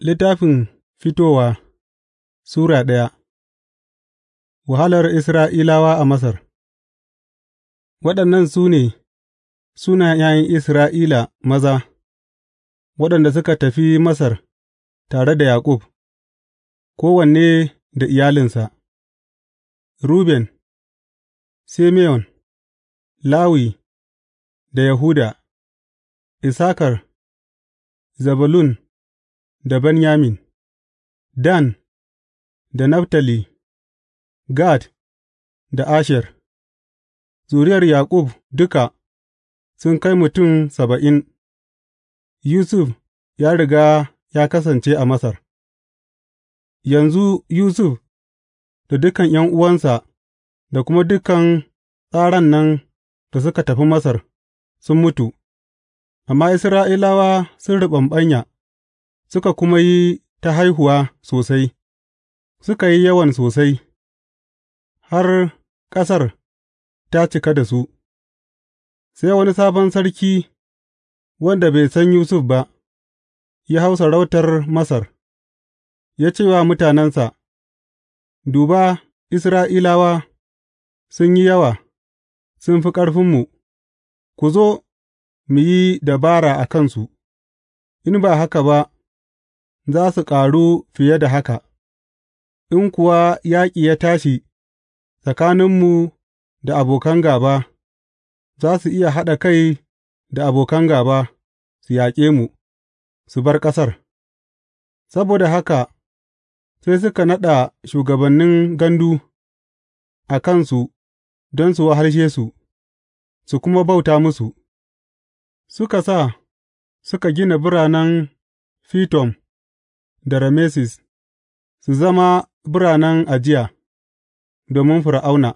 Littafin Fitowa Sura ɗaya. Wahalar Isra'ilawa a Masar Waɗannan su ne suna ’ya'yan Isra'ila maza, waɗanda suka tafi Masar tare da Yaƙub, kowanne da iyalinsa, Ruben, Simeon, Lawi da Yahuda, isakar Zebulun. da Benyamin, Dan da Naftali, Gad da Asher, zuriyar Yaƙub duka sun kai mutum saba'in, Yusuf ya riga ya kasance a Masar. Yanzu Yusuf da dukan ’yan'uwansa da kuma dukan tsaran nan da suka tafi Masar sun mutu, amma Isra'ilawa sun riɓamɓanya suka kuma yi ta haihuwa sosai, suka yi yawan sosai, har ƙasar ta cika da su, sai wani sabon sarki wanda bai san Yusuf ba, ya hau sarautar Masar, ya ce wa mutanensa, Duba, Isra'ilawa sun yi yawa, sun fi ƙarfinmu, ku zo mu yi dabara a kansu, in ba haka ba, za su ƙaru fiye da haka, in kuwa yaƙi ya tashi tsakaninmu da abokan gāba, za su iya haɗa kai da abokan gāba su yaƙe mu, su bar ƙasar. Saboda haka sai suka naɗa shugabannin gandu a kansu don su wahalshe su, su kuma bauta musu, suka sa suka gina biranen Fitom. da Rameses su zama biranen ajiya domin Fir'auna,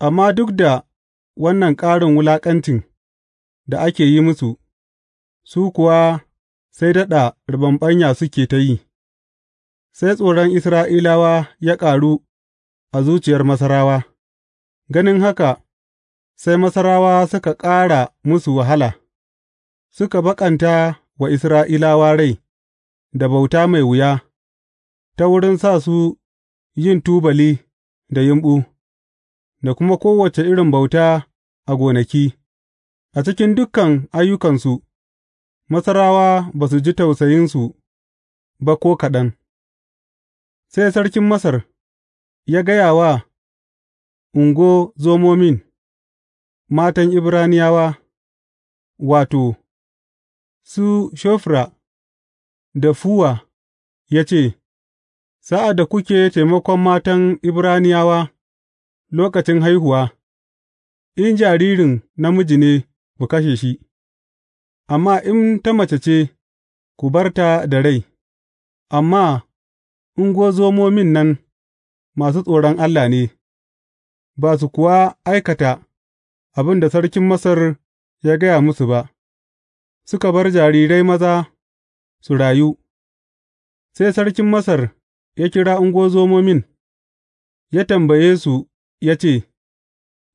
amma duk da wannan ƙarin wulaƙancin da ake yi musu, su kuwa sai daɗa riɓaɓɓanya suke ta yi, sai tsoron Isra'ilawa ya ƙaru a zuciyar Masarawa, ganin haka sai Masarawa suka ƙara musu wahala, suka baƙanta wa Isra'ilawa rai. da bauta mai wuya, ta wurin sa su yin tubali da yumɓu, da kuma kowace irin bauta a gonaki, a cikin dukan ayyukansu, Masarawa ba su ji tausayinsu ba ko kaɗan. Sai sarkin Masar ya gaya wa ungo zomomin, matan Ibraniyawa, wato, su Shofra da Fuwa ya ce, Sa'ad da kuke taimakon matan Ibraniyawa lokacin haihuwa, in jaririn namiji ne, ku kashe shi, amma in ta mace ce, ku bar ta da rai, amma in ungozomomin nan masu tsoron Allah ne, ba su kuwa aikata abin da sarkin Masar ya gaya musu ba, suka bar jarirai maza. su rayu, sai sarkin Masar ya kira ungozomomin, ya tambaye su ya ce,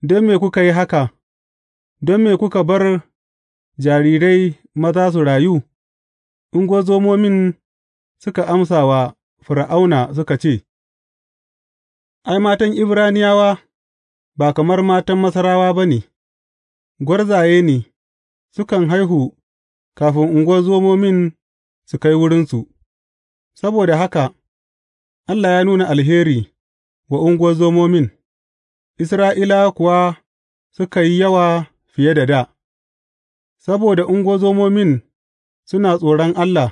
Don me kuka yi haka, don me kuka bar jarirai maza su rayu? Ungozomomin suka amsa wa Fir'auna suka ce, Ai, matan Ibraniyawa ba kamar matan Masarawa ba ne, gwarzaye ne, sukan haihu kafin ungozomomin su kai wurinsu, saboda haka Allah ya nuna alheri wa zomomin Isra'ila kuwa suka yi yawa fiye da dā, saboda zomomin suna tsoron Allah,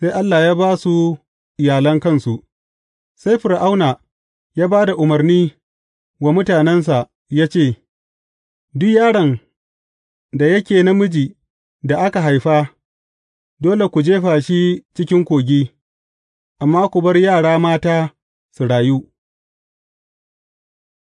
sai Allah ya ba su iyalan kansu, sai Fir'auna ya ba da umarni wa mutanensa ya ce, Duk yaron da yake namiji da aka haifa. dole ku jefa shi cikin kogi, amma ku bar yara mata su rayu.